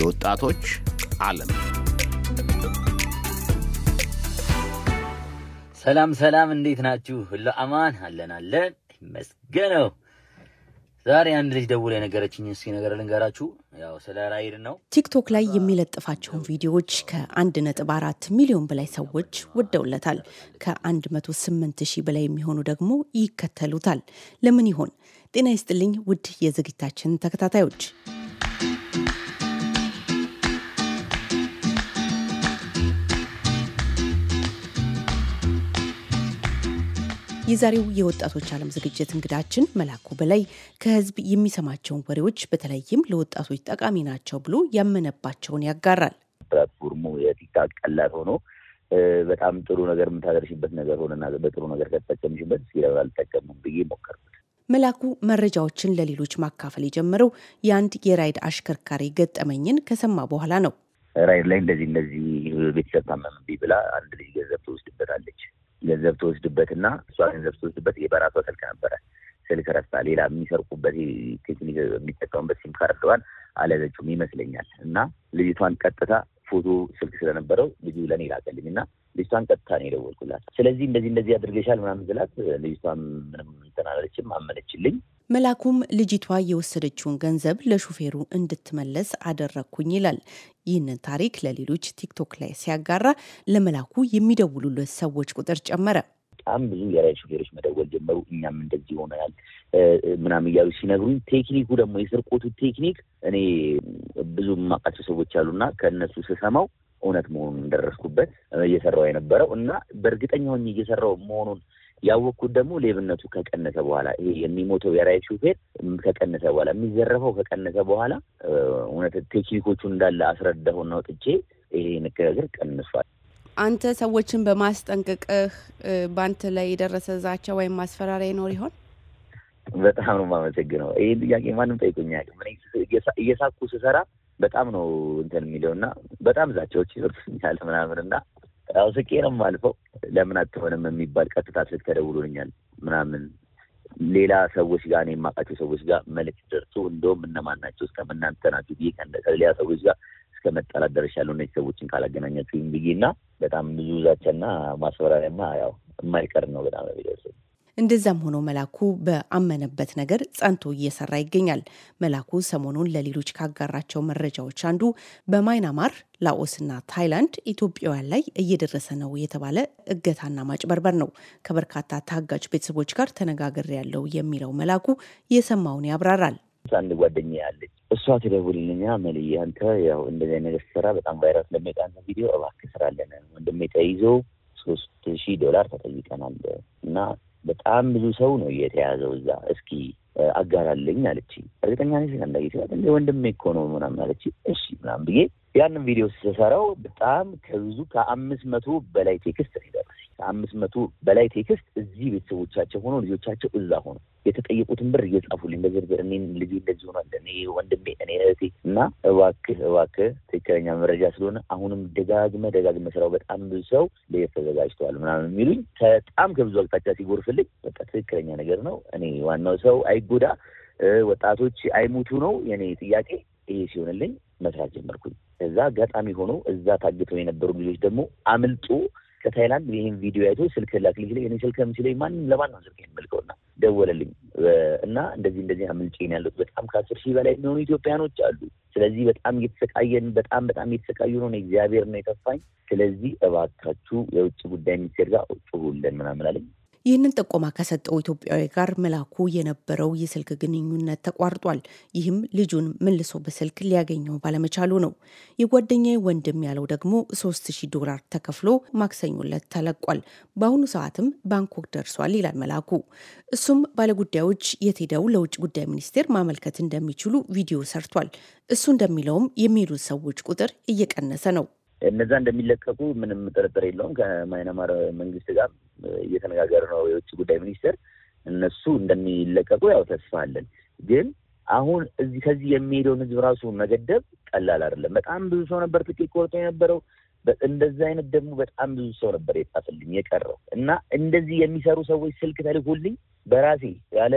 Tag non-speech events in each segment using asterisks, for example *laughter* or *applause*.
የወጣቶች ዓለም ሰላም ሰላም፣ እንዴት ናችሁ? ሁሉ አማን አለን አለን ይመስገነው። ዛሬ አንድ ልጅ ደውላ የነገረችኝ እስኪ ነገር ልንገራችሁ። ያው ስለ ራይድ ነው። ቲክቶክ ላይ የሚለጥፋቸውን ቪዲዮዎች ከአንድ ነጥብ አራት ሚሊዮን በላይ ሰዎች ወደውለታል። ከአንድ መቶ ስምንት ሺህ በላይ የሚሆኑ ደግሞ ይከተሉታል። ለምን ይሆን? ጤና ይስጥልኝ ውድ የዝግጅታችን ተከታታዮች የዛሬው የወጣቶች ዓለም ዝግጅት እንግዳችን መላኩ በላይ ከህዝብ የሚሰማቸውን ወሬዎች በተለይም ለወጣቶች ጠቃሚ ናቸው ብሎ ያመነባቸውን ያጋራል። ፕላትፎርሙ የቲክታክ ቀላል ሆኖ በጣም ጥሩ ነገር የምታደርሽበት ነገር ሆነና በጥሩ ነገር ከተጠቀምሽበት እስኪ ለምን አልጠቀምም ብዬ ሞከርኩት። መላኩ መረጃዎችን ለሌሎች ማካፈል የጀመረው የአንድ የራይድ አሽከርካሪ ገጠመኝን ከሰማ በኋላ ነው። ራይድ ላይ እንደዚህ እንደዚህ ቤተሰብ ታመምብኝ ብላ አንድ ልጅ ገንዘብ ትወስድበታለች ገንዘብ ትወስድበትና እሷ ገንዘብ ትወስድበት ይሄ በራሷ ስልክ ነበረ። ስልክ ረስታ ሌላ የሚሰርቁበት ቴክኒክ የሚጠቀሙበት ሲም ካርድዋን አለዘችም ይመስለኛል። እና ልጅቷን ቀጥታ ፎቶ ስልክ ስለነበረው ልጁ ለእኔ ላቀልኝ እና ልጅቷን ቀጥታ ነው የደወልኩላት። ስለዚህ እንደዚህ እንደዚህ አድርገሻል ምናምን ስላት ልጅቷን ምንም ተናላለችም፣ አመነችልኝ። መላኩም ልጅቷ የወሰደችውን ገንዘብ ለሹፌሩ እንድትመለስ አደረግኩኝ ይላል። ይህንን ታሪክ ለሌሎች ቲክቶክ ላይ ሲያጋራ ለመላኩ የሚደውሉለት ሰዎች ቁጥር ጨመረ። በጣም ብዙ የራይድ ሹፌሮች መደወል ጀመሩ። እኛም እንደዚህ ሆነናል ምናምን እያሉ ሲነግሩኝ፣ ቴክኒኩ ደግሞ የስርቆቱ ቴክኒክ እኔ ብዙ የማውቃቸው ሰዎች አሉና ከእነሱ ስሰማው እውነት መሆኑን እንደደረስኩበት እየሰራው የነበረው እና በእርግጠኛ ሆኜ እየሰራው መሆኑን ያወቅኩት ደግሞ ሌብነቱ ከቀነሰ በኋላ ይሄ የሚሞተው የራይ ሹፌር ከቀነሰ በኋላ የሚዘረፈው ከቀነሰ በኋላ እውነት ቴክኒኮቹን እንዳለ አስረዳሁና ወጥቼ ይሄ ንግግር ቀንሷል። አንተ ሰዎችን በማስጠንቀቅህ በአንተ ላይ የደረሰ ዛቻ ወይም ማስፈራሪያ ይኖር ይሆን? በጣም ነው የማመሰግነው። ይህን ጥያቄ ማንም ጠይቆኛ እየሳኩ ስሰራ በጣም ነው እንትን የሚለው እና በጣም ዛቻዎች ይደርሱኛል ምናምን እና አውስቄ ነው የማልፈው። ለምን አትሆንም የሚባል ቀጥታ ስልክ ተደውሎልኛል ምናምን ሌላ ሰዎች ጋር እኔ የማውቃቸው ሰዎች ጋር መልዕክት ደርሶ እንደውም እነማን ናቸው እስከምናንተ ናቸው ብዬ ከሌላ ሰዎች ጋር እስከ መጠላት ደረሻ ደርሻለሁ እነዚህ ሰዎችን ካላገናኛችሁ ብዬ እና በጣም ብዙ ዛቻና ማስፈራሪያማ ያው የማይቀር ነው በጣም ነው የሚደርሰው። እንደዛም ሆኖ መላኩ በአመነበት ነገር ጸንቶ እየሰራ ይገኛል። መላኩ ሰሞኑን ለሌሎች ካጋራቸው መረጃዎች አንዱ በማይናማር ላኦስና ታይላንድ ኢትዮጵያውያን ላይ እየደረሰ ነው የተባለ እገታና ማጭበርበር ነው። ከበርካታ ታጋጅ ቤተሰቦች ጋር ተነጋግሬ ያለው የሚለው መላኩ የሰማውን ያብራራል። አንድ ጓደኛ ያለች እሷ ትደውልልኛ መልዬ አንተ ያው እንደዚህ ነገር ስራ በጣም ቫይረስ ለሚወጣ ቪዲዮ እባክህ ስራለን ወንድሜ ተይዞ ሶስት ሺህ ዶላር ተጠይቀናል እና በጣም ብዙ ሰው ነው እየተያዘው እዛ። እስኪ አጋራለኝ አለች። እርግጠኛ ነሽ እንዳየ ሲላት እንደ ወንድሜ እኮ ነው ምናምን አለች። እሺ ምናምን ብዬ ያንን ቪዲዮ ስሰራው በጣም ከብዙ ከአምስት መቶ በላይ ቴክስት ነው ይደርስ ከአምስት መቶ በላይ ቴክስት እዚህ ቤተሰቦቻቸው ሆኖ ልጆቻቸው እዛ ሆኖ የተጠየቁትን ብር እየጻፉልኝ በዝርዝር እኔ ልጅ እንደዚህ ሆኗል፣ እኔ ወንድሜ፣ እኔ እህቴ እና እባክህ እባክህ ትክክለኛ መረጃ ስለሆነ አሁንም ደጋግመ ደጋግመ ስራው በጣም ብዙ ሰው ለየት ተዘጋጅተዋል ምናምን የሚሉኝ በጣም ከብዙ አቅጣጫ ሲጎርፍልኝ፣ በቃ ትክክለኛ ነገር ነው። እኔ ዋናው ሰው አይጎዳ ወጣቶች አይሙቱ ነው የኔ ጥያቄ። ይሄ ሲሆንልኝ መስራት ጀመርኩኝ። እዛ አጋጣሚ ሆኖ እዛ ታግተው የነበሩ ልጆች ደግሞ አምልጦ ከታይላንድ ይህን ቪዲዮ አይቶ ስልክ ላክልኝ ሲለኝ እኔ ስልክ ምስለኝ ማንም ለማን ነው ስልክ የምልከውና ደወለልኝ እና እንደዚህ እንደዚህ አምልጬን ያሉት በጣም ከአስር ሺህ በላይ የሚሆኑ ኢትዮጵያኖች አሉ። ስለዚህ በጣም እየተሰቃየን በጣም በጣም እየተሰቃዩ ነው። እግዚአብሔር ነው የከፋኝ። ስለዚህ እባካችሁ የውጭ ጉዳይ ሚኒስቴር ጋር ጩሁልን ምናምን አለኝ። ይህንን ጥቆማ ከሰጠው ኢትዮጵያዊ ጋር መላኩ የነበረው የስልክ ግንኙነት ተቋርጧል። ይህም ልጁን መልሶ በስልክ ሊያገኘው ባለመቻሉ ነው። የጓደኛ ወንድም ያለው ደግሞ 3000 ዶላር ተከፍሎ ማክሰኞ ዕለት ተለቋል። በአሁኑ ሰዓትም ባንኮክ ደርሷል ይላል መላኩ። እሱም ባለጉዳዮች የት ሄደው ለውጭ ጉዳይ ሚኒስቴር ማመልከት እንደሚችሉ ቪዲዮ ሰርቷል። እሱ እንደሚለውም የሚሄዱት ሰዎች ቁጥር እየቀነሰ ነው። እነዛ እንደሚለቀቁ ምንም ጥርጥር የለውም። ከማይናማር መንግስት ጋር እየተነጋገረ ነው የውጭ ጉዳይ ሚኒስቴር። እነሱ እንደሚለቀቁ ያው ተስፋ አለን። ግን አሁን እዚህ ከዚህ የሚሄደውን ህዝብ ራሱ መገደብ ቀላል አይደለም። በጣም ብዙ ሰው ነበር ትኬት ቆርጦ የነበረው። እንደዚህ አይነት ደግሞ በጣም ብዙ ሰው ነበር የጻፈልኝ የቀረው እና እንደዚህ የሚሰሩ ሰዎች ስልክ ተልኮልኝ በራሴ ያለ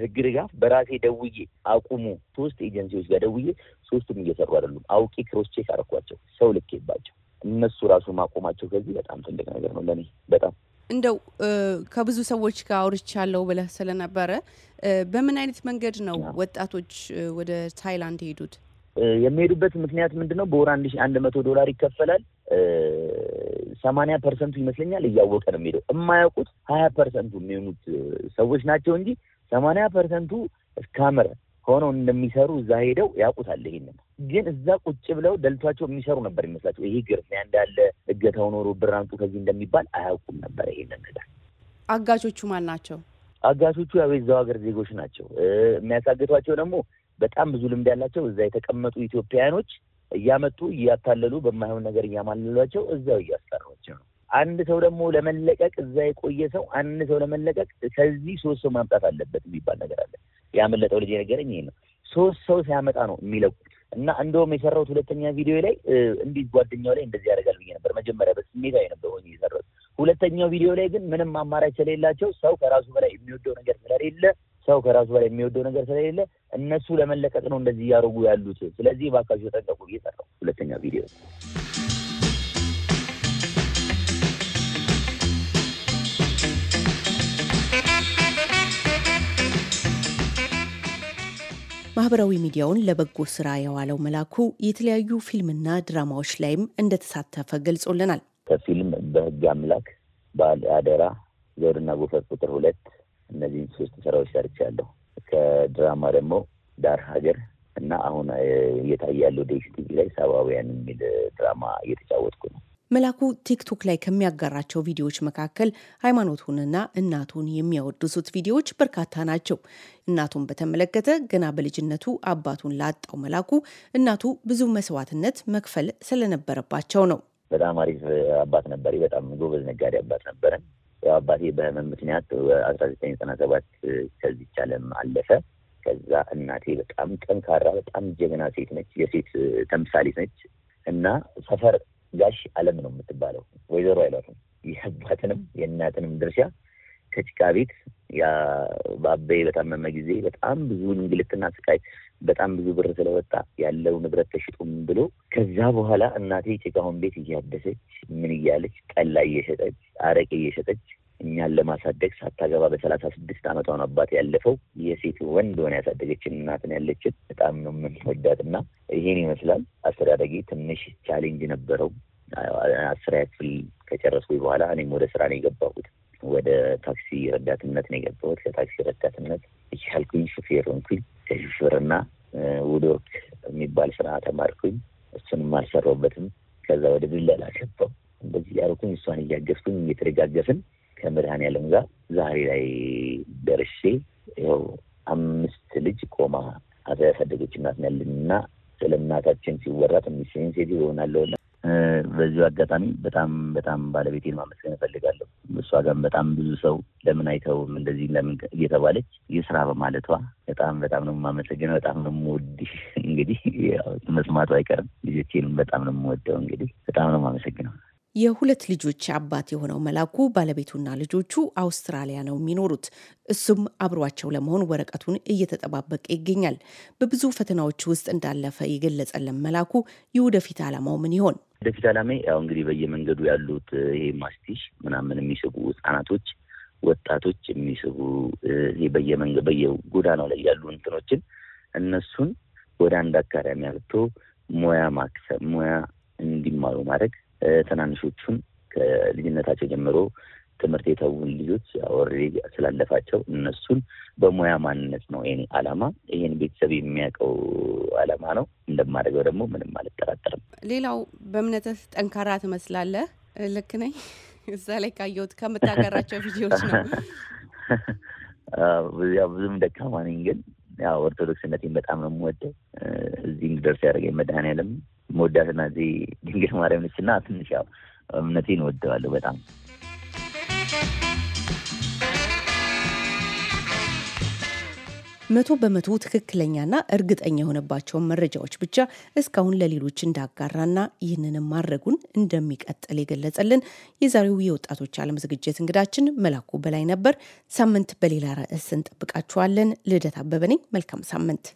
ህግ ድጋፍ በራሴ ደውዬ አቁሙ ሶስት ኤጀንሲዎች ጋር ደውዬ ሶስቱም እየሰሩ አይደሉም። አውቄ ቼክ አደረኳቸው፣ ሰው ልኬባቸው እነሱ ራሱ ማቆማቸው ከዚህ በጣም ትልቅ ነገር ነው ለኔ በጣም እንደው ከብዙ ሰዎች ጋር አውርቻለሁ ብለህ ስለነበረ በምን አይነት መንገድ ነው ወጣቶች ወደ ታይላንድ የሄዱት? የሚሄዱበት ምክንያት ምንድን ነው? በወር አንድ ሺ አንድ መቶ ዶላር ይከፈላል። ሰማንያ ፐርሰንቱ ይመስለኛል እያወቀ ነው የሚሄደው። የማያውቁት ሀያ ፐርሰንቱ የሚሆኑት ሰዎች ናቸው እንጂ ሰማንያ ፐርሰንቱ እስካምር ሆነው እንደሚሰሩ እዛ ሄደው ያውቁታል። ይሄንን ግን እዛ ቁጭ ብለው ደልቷቸው የሚሰሩ ነበር ይመስላቸው። ይሄ ግርሚያ እንዳለ እገታው ኖሮ ብር ከዚህ እንደሚባል አያውቁም ነበር ይሄንን ነገር። አጋቾቹ ማን ናቸው? አጋቾቹ ያው የዛው ሀገር ዜጎች ናቸው። የሚያሳግቷቸው ደግሞ በጣም ብዙ ልምድ ያላቸው እዛ የተቀመጡ ኢትዮጵያውያኖች እያመጡ እያታለሉ በማይሆን ነገር እያማለሏቸው እዛው እያስቀሯቸው ነው። አንድ ሰው ደግሞ ለመለቀቅ እዛ የቆየ ሰው አንድ ሰው ለመለቀቅ ከዚህ ሶስት ሰው ማምጣት አለበት የሚባል ነገር አለ። ያመለጠው ልጅ ነገረኝ ይሄ ነው። ሶስት ሰው ሲያመጣ ነው የሚለቁት። እና እንደውም የሰራሁት ሁለተኛ ቪዲዮ ላይ እንዲህ ጓደኛው ላይ እንደዚህ ያደርጋል ብዬ ነበር። መጀመሪያ በስሜታዊ ነበር ሆኜ የሰራሁት። ሁለተኛው ቪዲዮ ላይ ግን ምንም አማራጭ ስለሌላቸው ሰው ከራሱ በላይ የሚወደው ነገር ስለሌለ ሰው ከራሱ በላይ የሚወደው ነገር ስለሌለ እነሱ ለመለቀቅ ነው እንደዚህ እያደረጉ ያሉት። ስለዚህ እባካችሁ ተጠንቀቁ ብዬ ሁለተኛ ቪዲዮ ማህበራዊ ሚዲያውን ለበጎ ስራ የዋለው መላኩ የተለያዩ ፊልምና ድራማዎች ላይም እንደተሳተፈ ገልጾልናል። ከፊልም በህግ አምላክ፣ ባለ አደራ፣ ዘውድና ጎፈር ቁጥር ሁለት እነዚህን ሶስት ስራዎች ሰርቻለሁ። ከድራማ ደግሞ ዳር ሀገር እና አሁን እየታየ ያለው ዴይሲ ቲቪ ላይ ሰብአውያን የሚል ድራማ እየተጫወትኩ ነው። መላኩ ቲክቶክ ላይ ከሚያጋራቸው ቪዲዮዎች መካከል ሃይማኖቱንና እናቱን የሚያወድሱት ቪዲዮዎች በርካታ ናቸው። እናቱን በተመለከተ ገና በልጅነቱ አባቱን ላጣው መላኩ እናቱ ብዙ መስዋዕትነት መክፈል ስለነበረባቸው ነው። በጣም አሪፍ አባት ነበር። በጣም ጎበዝ ነጋዴ አባት ነበረን። ያው አባቴ በህመም ምክንያት አስራ ዘጠኝ ዘጠና ሰባት ከዚች ዓለም አለፈ። ከዛ እናቴ በጣም ጠንካራ በጣም ጀግና ሴት ነች፣ የሴት ተምሳሌት ነች እና ሰፈር ጋሽ አለም ነው የምትባለው ወይዘሮ አይሏትም። የአባትንም የእናትንም ድርሻ ከጭቃ ቤት ያ በአበይ በታመመ ጊዜ በጣም ብዙ እንግልትና ስቃይ በጣም ብዙ ብር ስለወጣ ያለው ንብረት ተሽጡም ብሎ ከዛ በኋላ እናቴ ጭቃውን ቤት እያደሰች ምን እያለች ጠላ እየሸጠች አረቄ እየሸጠች እኛን ለማሳደግ ሳታገባ በሰላሳ ስድስት ዓመቷ ነው አባት ያለፈው። የሴት ወንድ ሆነ ያሳደገችን እናትን ያለችን በጣም ነው የምንወዳት። የምንወዳትና ይሄን ይመስላል አስተዳደጌ። ትንሽ ቻሌንጅ ነበረው። አስራ ክፍል ከጨረስኩኝ በኋላ እኔም ወደ ስራ ነው የገባሁት። ወደ ታክሲ ረዳትነት ነው የገባሁት። ለታክሲ ረዳትነት የቻልኩኝ ሹፌር ሆንኩኝ። ከሹፌርና ውድወርክ የሚባል ስራ ተማርኩኝ። እሱንም አልሰራሁበትም። ከዛ ወደ ድለላ ገባሁ። እንደዚህ ያልኩኝ እሷን እያገዝኩኝ እየተደጋገፍን ከመድኃኔዓለም ጋር ዛሬ ላይ ደርሼ ይኸው አምስት ልጅ ቆማ አብራ ያሳደገች እናት ያለን እና ስለ እናታችን ሲወራት ትንሽ ሴንሴቲቭ ይሆናለሁ። በዚሁ አጋጣሚ በጣም በጣም ባለቤቴን ማመስገን እፈልጋለሁ። እሷ ጋር በጣም ብዙ ሰው ለምን አይተውም እንደዚህ ለምን እየተባለች የስራ በማለቷ በጣም በጣም ነው የማመሰግነው። በጣም ነው የምወድሽ። እንግዲህ መስማቱ አይቀርም ልጆቼንም በጣም ነው የምወደው። እንግዲህ በጣም ነው የማመሰግነው። የሁለት ልጆች አባት የሆነው መላኩ ባለቤቱና ልጆቹ አውስትራሊያ ነው የሚኖሩት። እሱም አብሯቸው ለመሆን ወረቀቱን እየተጠባበቀ ይገኛል። በብዙ ፈተናዎች ውስጥ እንዳለፈ የገለጸልን መላኩ የወደፊት ዓላማው ምን ይሆን? ወደፊት ዓላማ ያው እንግዲህ በየመንገዱ ያሉት ይሄ ማስቲሽ ምናምን የሚስቡ ህጻናቶች፣ ወጣቶች የሚስቡ በየጎዳናው ላይ ያሉ እንትኖችን እነሱን ወደ አንድ አካዳሚ አልቶ ሙያ ማክሰብ ሙያ እንዲማሩ ማድረግ ትናንሾቹን ከልጅነታቸው ጀምሮ ትምህርት የተውን ልጆች ወሬ ስላለፋቸው እነሱን በሙያ ማንነት ነው የኔ አላማ። ይህን ቤተሰብ የሚያውቀው አላማ ነው። እንደማደርገው ደግሞ ምንም አልጠራጠርም። ሌላው በእምነትህ ጠንካራ ትመስላለህ። ልክ ነኝ? እዛ ላይ ካየሁት ከምታገራቸው ቪዲዮዎች ነው። *laughs* ያው ብዙም ደካማ ነኝ፣ ግን ያው ኦርቶዶክስነቴን በጣም ነው የምወደው። እዚህ እንድደርስ ያደረገኝ መድኃኔዓለም መወዳትና እዚህ ድንግል ማርያም ነች እና ትንሽ ያው እምነቴን እወደዋለሁ በጣም። መቶ በመቶ ትክክለኛና እርግጠኛ የሆነባቸውን መረጃዎች ብቻ እስካሁን ለሌሎች እንዳጋራና ይህንንም ማድረጉን እንደሚቀጥል የገለጸልን የዛሬው የወጣቶች ዓለም ዝግጅት እንግዳችን መላኩ በላይ ነበር። ሳምንት በሌላ ርዕስ እንጠብቃችኋለን። ልደት አበበ ነኝ። መልካም ሳምንት።